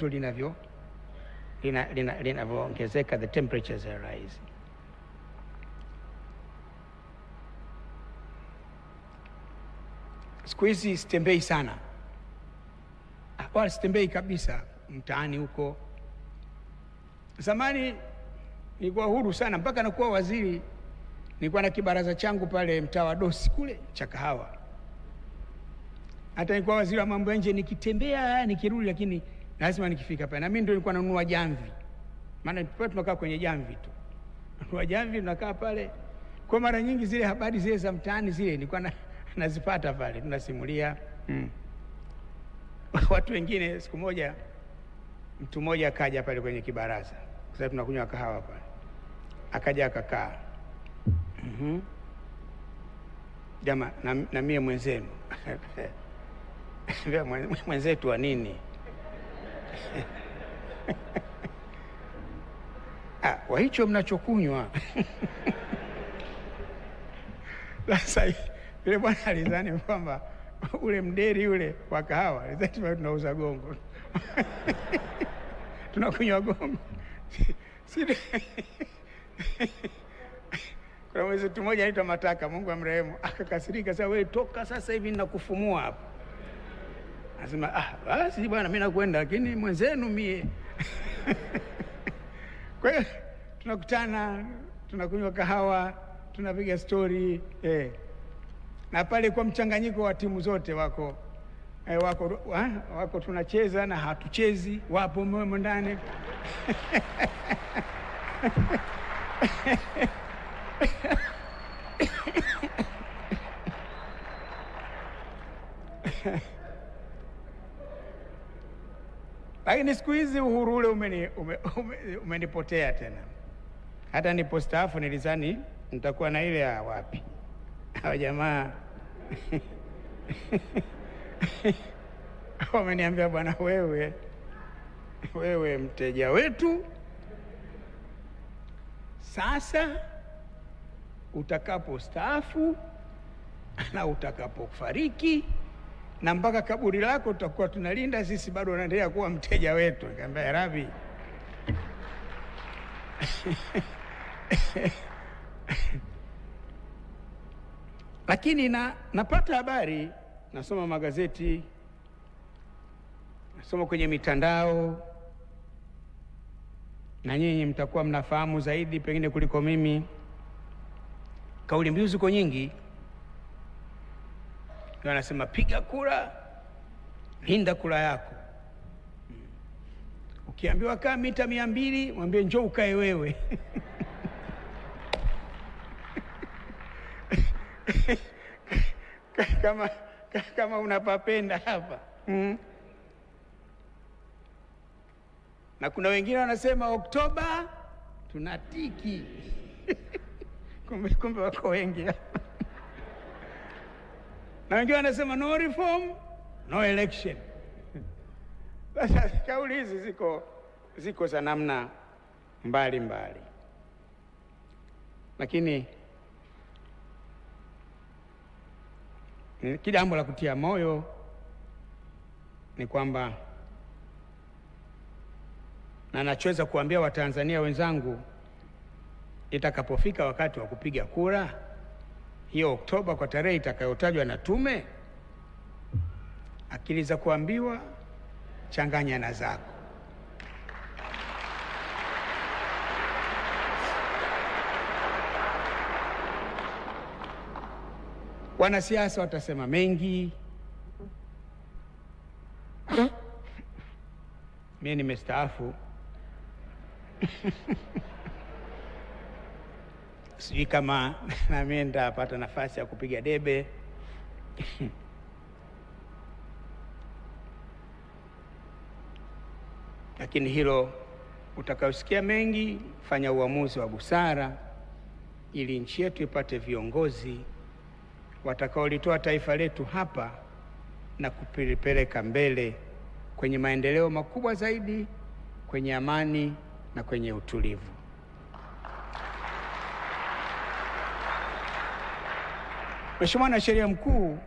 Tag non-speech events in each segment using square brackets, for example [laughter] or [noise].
joto linavyo linavyoongezeka, the temperatures are rising. Siku hizi sitembei sana, ah, wala sitembei kabisa mtaani huko. Zamani nilikuwa huru sana, mpaka nakuwa waziri nilikuwa na kibaraza changu pale mtaa wa Dosi kule cha kahawa. Hata nilikuwa waziri wa mambo ya nje, nikitembea nikirudi, lakini lazima nikifika pale, na mimi ndio nilikuwa nanunua jamvi, maana tulikuwa tunakaa kwenye jamvi tu, nanunua jamvi, tunakaa pale. Kwa mara nyingi zile habari zile za mtaani zile nilikuwa na, nazipata pale, tunasimulia mm. [laughs] watu wengine. Siku moja mtu mmoja akaja pale kwenye kibaraza, kwa sababu tunakunywa kahawa pale, akaja akakaa mm -hmm. Jama na, na mie mwenzenu [laughs] mwenzetu wa nini [laughs] Ah, hicho mnachokunywa [laughs] sasa yule bwana alizani kwamba ule mderi ule wa kahawa alizani tunauza gongo [laughs] tunakunywa gongo kuna mwenzetu mmoja anaitwa Mataka, Mungu amrehemu, akakasirika, sasa wewe toka sasa hivi, nakufumua hapo Anasema ah, basi bwana, mimi nakwenda, lakini mwenzenu mie. [laughs] Kwa hiyo tunakutana, tunakunywa kahawa, tunapiga stori eh. Na pale kwa mchanganyiko wa timu zote wako eh, wako wa, wako tunacheza na hatuchezi, wapo mmo ndani [laughs] Lakini siku hizi uhuru ule umenipotea, ume, ume, ume tena. Hata staafu nilizani nitakuwa na ile ya wapi [laughs] hawa jamaa [laughs] wameniambia, bwana, wewe wewe mteja wetu sasa, utakapo staafu [laughs] na utakapofariki na mpaka kaburi lako tutakuwa tunalinda sisi, bado unaendelea kuwa mteja wetu. Nikamwambia Rabi, [laughs] lakini na napata habari, nasoma magazeti, nasoma kwenye mitandao, na nyinyi mtakuwa mnafahamu zaidi pengine kuliko mimi. Kauli mbiu ziko nyingi ndio anasema piga kura, linda kura yako. Hmm. Ukiambiwa kaa mita mia mbili, mwambie njoo ukae wewe [laughs] kama, kama unapapenda hapa mm. Na kuna wengine wanasema Oktoba tunatiki [laughs] kumbe kumbe wako wengi na wengine wanasema no reform no election. [laughs] Sasa kauli hizi ziko ziko za namna mbali mbali, lakini kijambo la kutia moyo ni kwamba na nachoweza kuambia Watanzania wenzangu, itakapofika wakati wa kupiga kura hiyo Oktoba kwa tarehe itakayotajwa na tume? Akili za kuambiwa changanya na zako. Wanasiasa watasema mengi. Mimi nimestaafu. [laughs] sijui kama [laughs] nami nitapata nafasi ya kupiga debe [laughs] lakini hilo utakayosikia mengi, fanya uamuzi wa busara ili nchi yetu ipate viongozi watakaolitoa taifa letu hapa na kupeleka mbele kwenye maendeleo makubwa zaidi, kwenye amani na kwenye utulivu. Mheshimiwa Mwanasheria Mkuu,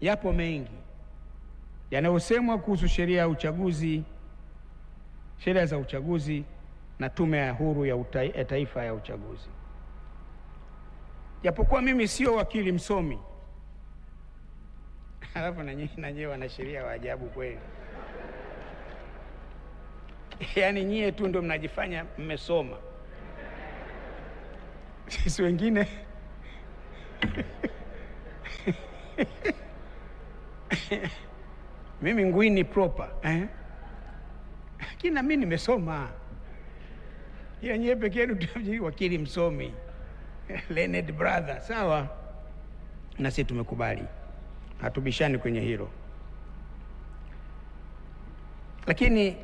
yapo mengi yanayosemwa kuhusu sheria ya uchaguzi, sheria za uchaguzi na Tume ya Huru ya, ya Taifa ya Uchaguzi. Japokuwa mimi sio wakili msomi, [laughs] alafu na nyewe wanasheria wa ajabu kweli [laughs] yaani nyie tu ndio mnajifanya mmesoma, [laughs] sisi wengine [laughs] mimi ngwini proper eh? kina nami nimesoma yenyewe peke yenu, wakili msomi [laughs] Leonard brother, sawa na sisi tumekubali, hatubishani kwenye hilo, lakini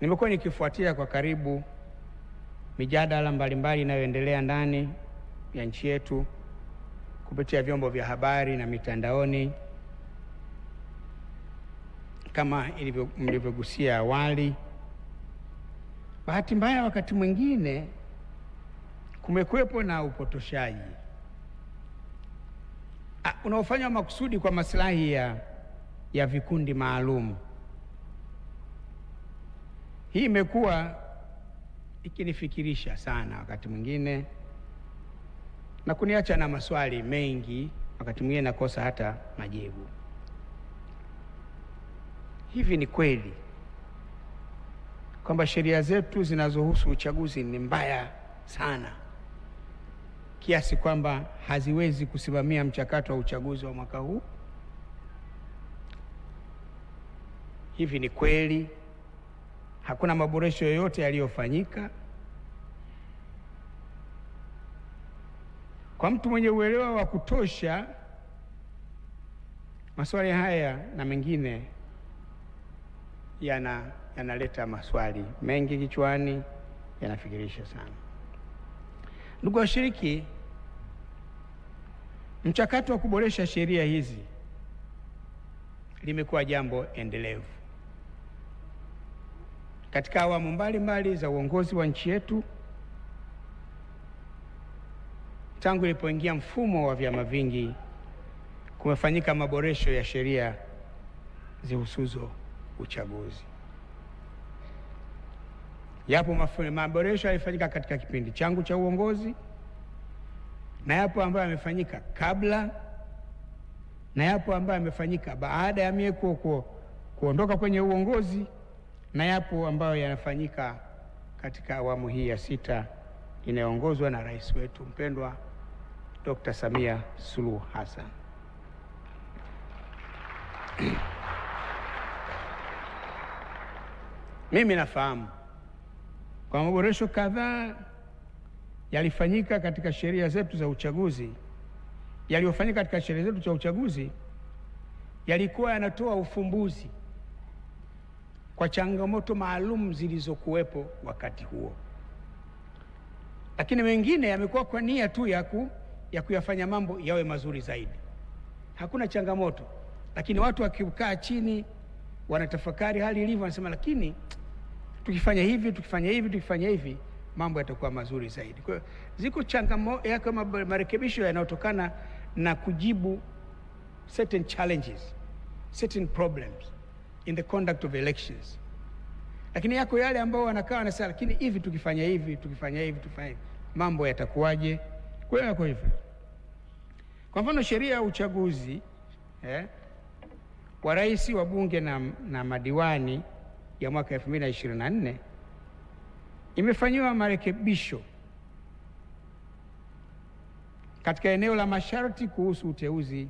nimekuwa nikifuatia kwa karibu mijadala mbalimbali inayoendelea ndani ya nchi yetu kupitia vyombo vya habari na mitandaoni kama mlivyogusia awali. Bahati mbaya, wakati mwingine kumekuwepo na upotoshaji unaofanywa makusudi kwa maslahi ya, ya vikundi maalum. Hii imekuwa ikinifikirisha sana wakati mwingine na kuniacha na maswali mengi, wakati mwingine nakosa hata majibu. Hivi ni kweli kwamba sheria zetu zinazohusu uchaguzi ni mbaya sana kiasi kwamba haziwezi kusimamia mchakato wa uchaguzi wa mwaka huu? Hivi ni kweli hakuna maboresho yoyote yaliyofanyika? Kwa mtu mwenye uelewa wa kutosha, maswali haya na mengine yana yanaleta maswali mengi kichwani, yanafikirisha sana. Ndugu washiriki, mchakato wa kuboresha sheria hizi limekuwa jambo endelevu katika awamu mbalimbali za uongozi wa nchi yetu tangu ilipoingia mfumo wa vyama vingi kumefanyika maboresho ya sheria zihusuzo uchaguzi. Yapo maboresho yalifanyika katika kipindi changu cha uongozi na yapo ambayo yamefanyika kabla na yapo ambayo yamefanyika baada ya mie kuo kuondoka kwenye uongozi na yapo ambayo yanafanyika katika awamu hii ya sita inayoongozwa na rais wetu mpendwa Dr. Samia Suluhu Hassan. [clears throat] Mimi nafahamu kwa maboresho kadhaa yalifanyika katika sheria zetu za uchaguzi, yaliyofanyika katika sheria zetu za uchaguzi yalikuwa yanatoa ufumbuzi kwa changamoto maalum zilizokuwepo wakati huo, lakini mengine yamekuwa kwa nia tu ya ku ya kuyafanya mambo yawe mazuri zaidi. Hakuna changamoto, lakini watu wakikaa chini wanatafakari hali ilivyo, wanasema lakini tukifanya hivi tukifanya hivi tukifanya hivi mambo yatakuwa mazuri zaidi. Kwa hiyo ziko changamoto yake marekebisho yanayotokana na kujibu certain challenges, certain problems in the conduct of elections, lakini yako yale ambao wanakaa wanasema, lakini hivi tukifanya hivi tukifanya hivi tukifanya hivi mambo yatakuwaje? Kwa hiyo yako hivyo. Kwa mfano sheria ya uchaguzi eh, wa rais wa bunge na, na madiwani ya mwaka 2024 imefanyiwa marekebisho katika eneo la masharti kuhusu uteuzi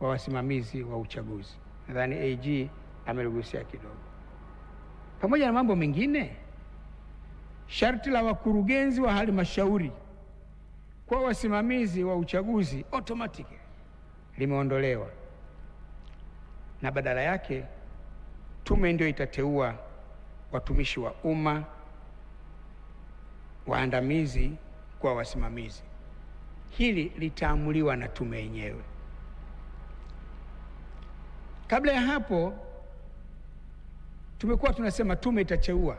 wa wasimamizi wa uchaguzi. Nadhani AG ameligusia kidogo. Pamoja na mambo mengine, sharti la wakurugenzi wa halmashauri kwa wasimamizi wa uchaguzi automatic limeondolewa na badala yake tume ndio itateua watumishi wa umma waandamizi kwa wasimamizi. Hili litaamuliwa na tume yenyewe. Kabla ya hapo, tumekuwa tunasema tume itateua,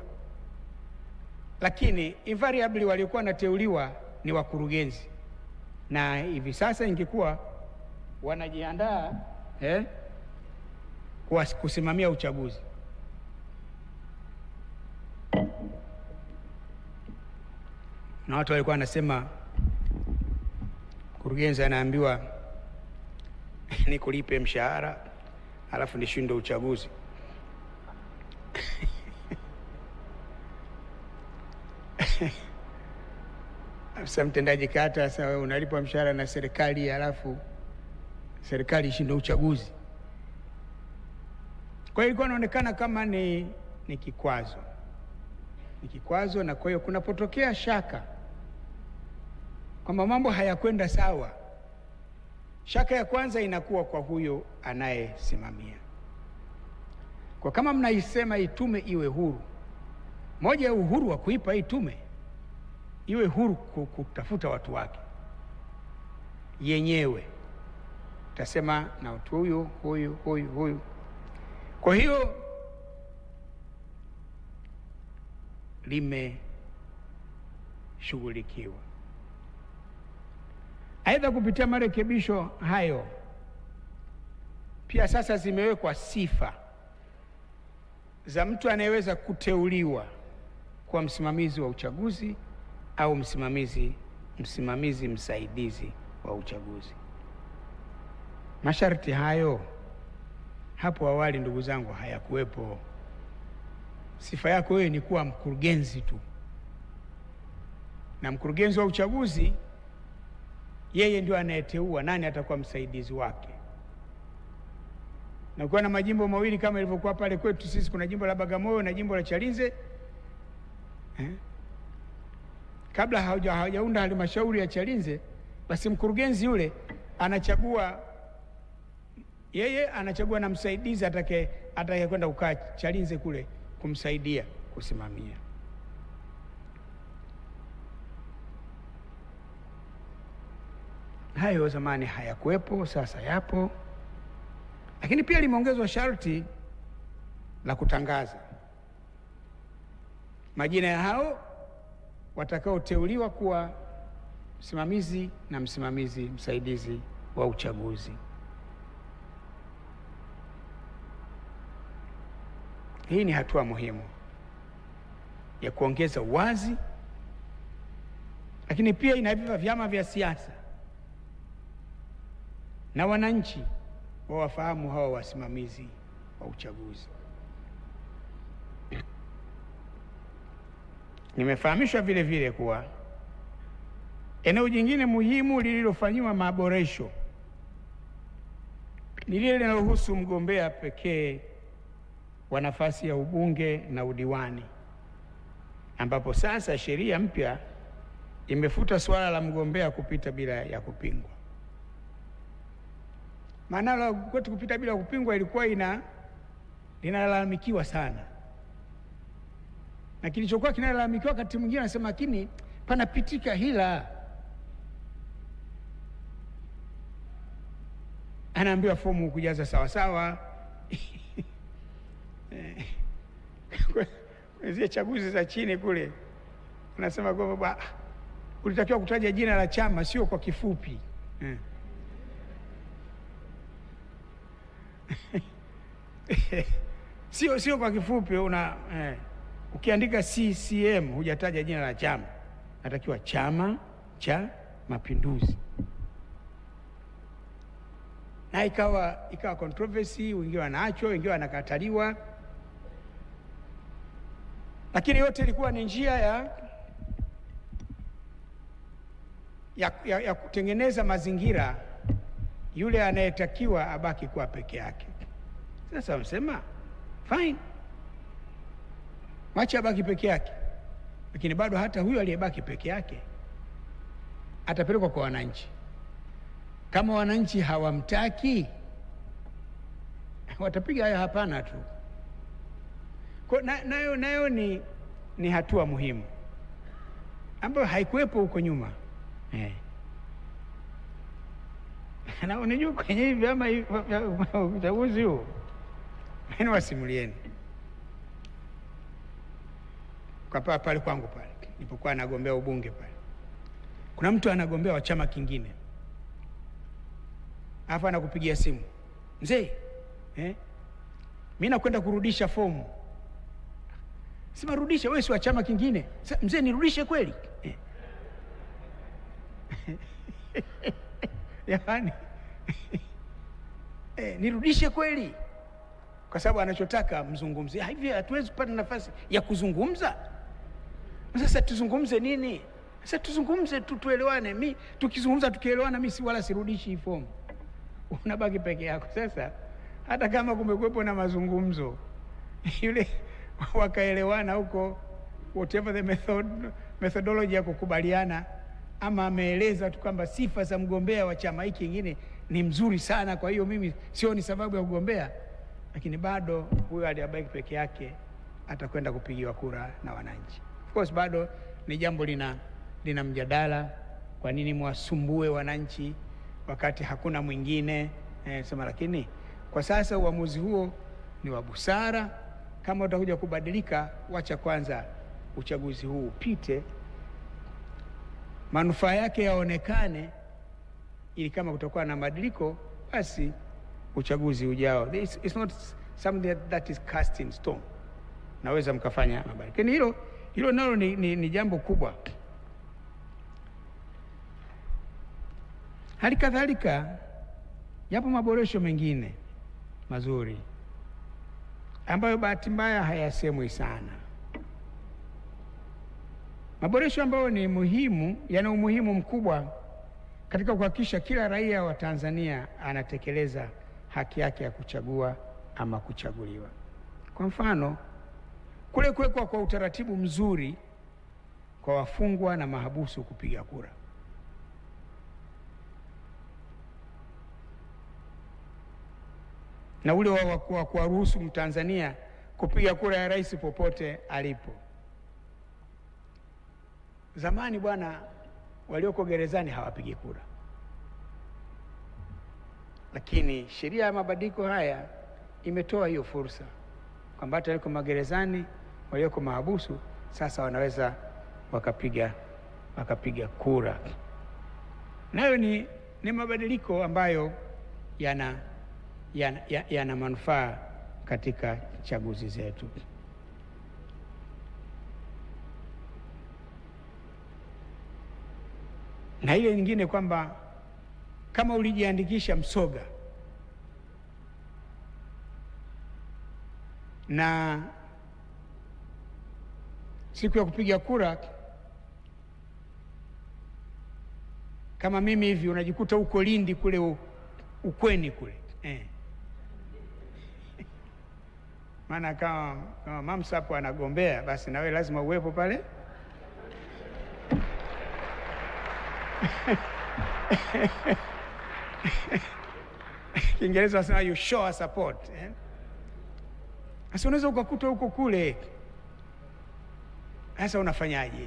lakini invariably waliokuwa wanateuliwa ni wakurugenzi, na hivi sasa ingekuwa wanajiandaa eh, kusimamia uchaguzi. Na watu walikuwa wanasema mkurugenzi anaambiwa [laughs] nikulipe mshahara alafu nishinde uchaguzi Sasa mtendaji kata, sasa unalipwa mshahara na serikali, halafu serikali ishinde uchaguzi. Kwa hiyo ilikuwa inaonekana kama ni, ni kikwazo ni kikwazo, na kwa hiyo kunapotokea shaka kwamba mambo hayakwenda sawa, shaka ya kwanza inakuwa kwa huyo anayesimamia. Kwa kama mnaisema hii tume iwe huru, moja ya uhuru wa kuipa hii tume iwe huru kutafuta watu wake yenyewe, utasema na watu huyo huyo huyo huyo. Kwa hiyo limeshughulikiwa. Aidha, kupitia marekebisho hayo pia sasa zimewekwa sifa za mtu anayeweza kuteuliwa kwa msimamizi wa uchaguzi au msimamizi msimamizi msaidizi wa uchaguzi. Masharti hayo hapo awali, ndugu zangu, hayakuwepo. Sifa yako wewe ni kuwa mkurugenzi tu, na mkurugenzi wa uchaguzi yeye ndio anayeteua nani atakuwa msaidizi wake. Na ukiwa na majimbo mawili kama ilivyokuwa pale kwetu sisi, kuna jimbo la Bagamoyo na jimbo la Chalinze eh? kabla hawajaunda halmashauri ya Chalinze, basi mkurugenzi yule anachagua yeye, anachagua na msaidizi atake atake kwenda kukaa Chalinze kule kumsaidia kusimamia. Hayo zamani hayakuwepo, sasa yapo. Lakini pia limeongezwa sharti la kutangaza majina ya hao watakaoteuliwa kuwa msimamizi na msimamizi msaidizi wa uchaguzi. Hii ni hatua muhimu ya kuongeza uwazi, lakini pia inavipa vyama vya siasa na wananchi wawafahamu hawa wasimamizi wa uchaguzi. Nimefahamishwa vile vile kuwa eneo jingine muhimu lililofanyiwa maboresho ni lile linalohusu mgombea pekee wa nafasi ya ubunge na udiwani, ambapo sasa sheria mpya imefuta suala la mgombea kupita bila ya kupingwa. Maana la kwetu kupita bila kupingwa ilikuwa ina linalalamikiwa sana na kilichokuwa kinalalamikiwa wakati mwingine anasema, lakini panapitika hila. Anaambiwa fomu kujaza sawasawa [laughs] zile chaguzi za chini kule, anasema kwamba ulitakiwa kutaja jina la chama, sio kwa kifupi eh. [laughs] sio sio kwa kifupi una eh. Ukiandika CCM hujataja jina la chama, natakiwa Chama cha Mapinduzi. Na ikawa ikawa controversy, wengine wanaachwa, wengine wanakataliwa, lakini yote ilikuwa ni njia ya, ya, ya, ya kutengeneza mazingira yule anayetakiwa abaki kuwa peke yake. Sasa wamsema fine mwache abaki peke yake, lakini bado hata huyo aliyebaki peke yake atapelekwa kwa wananchi. Kama wananchi hawamtaki watapiga haya hapana tu. Kwa nayo nayo ni, ni hatua muhimu ambayo haikuwepo huko nyuma eh. [laughs] Na unijua kwenye hivi vyama vya uchaguzi huu, wasimulieni kwa pale kwangu pale nilipokuwa nagombea ubunge pale, kuna mtu anagombea wa chama kingine, halafu anakupigia simu mzee, eh, mimi nakwenda kurudisha fomu. Sema rudisha, wewe si wa chama kingine. Mzee, nirudishe kweli? eh. [laughs] Yaani [laughs] eh, nirudishe kweli? Kwa sababu anachotaka mzungumzie hivi, hatuwezi kupata nafasi ya kuzungumza. Sasa tuzungumze nini? Sasa tuzungumze tu, tuelewane. Mi tukizungumza tukielewana, mi si wala sirudishi hii fomu, [laughs] unabaki peke yako. Sasa hata kama kumekuwepo na mazungumzo [laughs] yule wakaelewana huko, whatever the method, methodology ya kukubaliana, ama ameeleza tu kwamba sifa za mgombea wa chama hiki kingine ni mzuri sana, kwa hiyo mimi sio ni sababu ya kugombea, lakini bado huyo aliyabaki peke yake atakwenda kupigiwa kura na wananchi course bado ni jambo lina, lina mjadala. Kwa nini mwasumbue wananchi wakati hakuna mwingine eh? Sema lakini kwa sasa uamuzi huo ni wa busara. Kama utakuja kubadilika, wacha kwanza uchaguzi huu upite, manufaa yake yaonekane, ili kama kutakuwa na mabadiliko, basi uchaguzi ujao. It's, it's not something that is cast in stone, naweza mkafanya mabadiliko, lakini hilo hilo nalo ni, ni, ni jambo kubwa. Hali kadhalika yapo maboresho mengine mazuri ambayo bahati mbaya hayasemwi sana, maboresho ambayo ni muhimu, yana umuhimu mkubwa katika kuhakikisha kila raia wa Tanzania anatekeleza haki yake ya kuchagua ama kuchaguliwa. Kwa mfano kule kuwekwa kwa utaratibu mzuri kwa wafungwa na mahabusu kupiga kura. na ule wa kuwaruhusu Mtanzania kupiga kura ya rais popote alipo. Zamani bwana, walioko gerezani hawapigi kura, lakini sheria ya mabadiliko haya imetoa hiyo fursa kwamba hata aliko magerezani walioko mahabusu sasa wanaweza wakapiga wakapiga kura. Nayo ni, ni mabadiliko ambayo yana, yana, yana manufaa katika chaguzi zetu. Na ile nyingine kwamba kama ulijiandikisha Msoga na siku ya kupiga kura, kama mimi hivi unajikuta huko Lindi kule ukweni kule eh. [laughs] Maana kama, kama Mamsa hapo anagombea basi nawe lazima uwepo pale [laughs] Kiingereza wanasema you show support eh? Asi unaweza ukakuta huko kule sasa unafanyaje?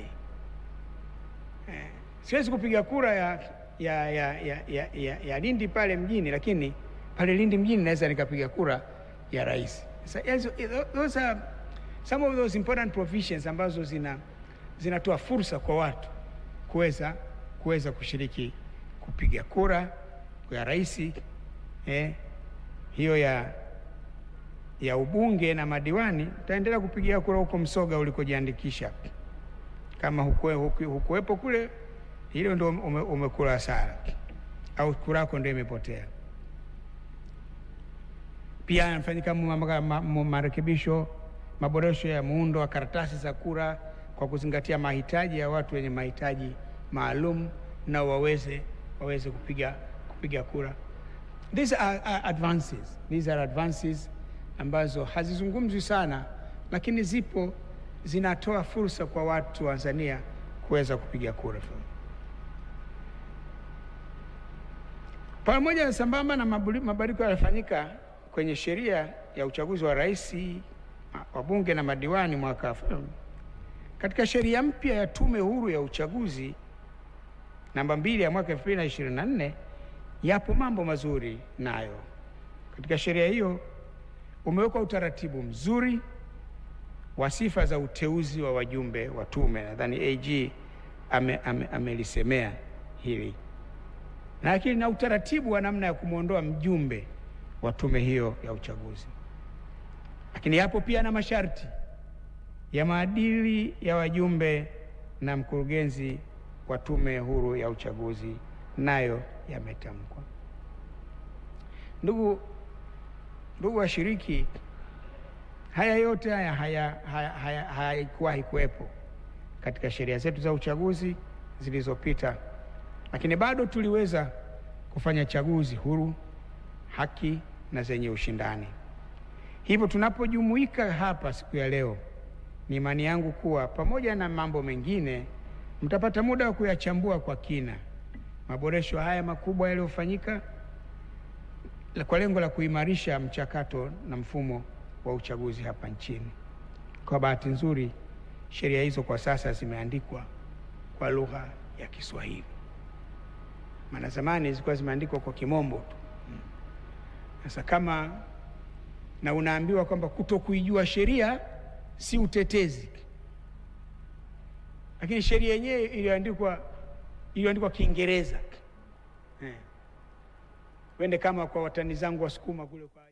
Eh, siwezi kupiga kura ya ya ya, ya, ya, ya ya Lindi pale mjini, lakini pale Lindi mjini naweza nikapiga kura ya rais. Sasa those are some of those important provisions ambazo zina zinatoa fursa kwa watu kuweza kuweza kushiriki kupiga kura ya rais eh, hiyo ya ya ubunge na madiwani, utaendelea kupigia kura huko Msoga ulikojiandikisha. Kama hukue, hukuwepo kule, hilo ndio ume, umekula hasara au kura yako ndio imepotea. Pia yanafanyika marekebisho, maboresho ya muundo wa karatasi za kura kwa kuzingatia mahitaji ya watu wenye mahitaji maalum na waweze waweze kupiga kupiga kura. These are, are advances. These are advances ambazo hazizungumzwi sana, lakini zipo, zinatoa fursa kwa watu wa Tanzania kuweza kupiga kura pamoja sambamba na mabadiliko yaliyofanyika kwenye sheria ya uchaguzi wa rais, bunge na madiwani mwaka Katika sheria mpya ya Tume Huru ya Uchaguzi namba mbili ya mwaka 2024 yapo mambo mazuri nayo katika sheria hiyo umewekwa utaratibu mzuri wa sifa za uteuzi wa wajumbe wa tume. Nadhani AG amelisemea ame, ame hili, lakini na utaratibu wa namna ya kumwondoa mjumbe wa tume hiyo ya uchaguzi. Lakini yapo pia na masharti ya maadili ya wajumbe na mkurugenzi wa tume huru ya uchaguzi, nayo yametamkwa. Ndugu Ndugu washiriki, haya yote haya hayakuwahi haya, haya, haya, haya kuwepo katika sheria zetu za uchaguzi zilizopita, lakini bado tuliweza kufanya chaguzi huru, haki na zenye ushindani. Hivyo tunapojumuika hapa siku ya leo, ni imani yangu kuwa pamoja na mambo mengine mtapata muda wa kuyachambua kwa kina maboresho haya makubwa yaliyofanyika kwa lengo la kuimarisha mchakato na mfumo wa uchaguzi hapa nchini. Kwa bahati nzuri, sheria hizo kwa sasa zimeandikwa kwa lugha ya Kiswahili, maana zamani zilikuwa zimeandikwa kwa kimombo tu. Sasa kama na unaambiwa kwamba kutokuijua sheria si utetezi, lakini sheria yenyewe iliyoandikwa iliyoandikwa Kiingereza eh wende kama kwa watani zangu Wasukuma kule kwa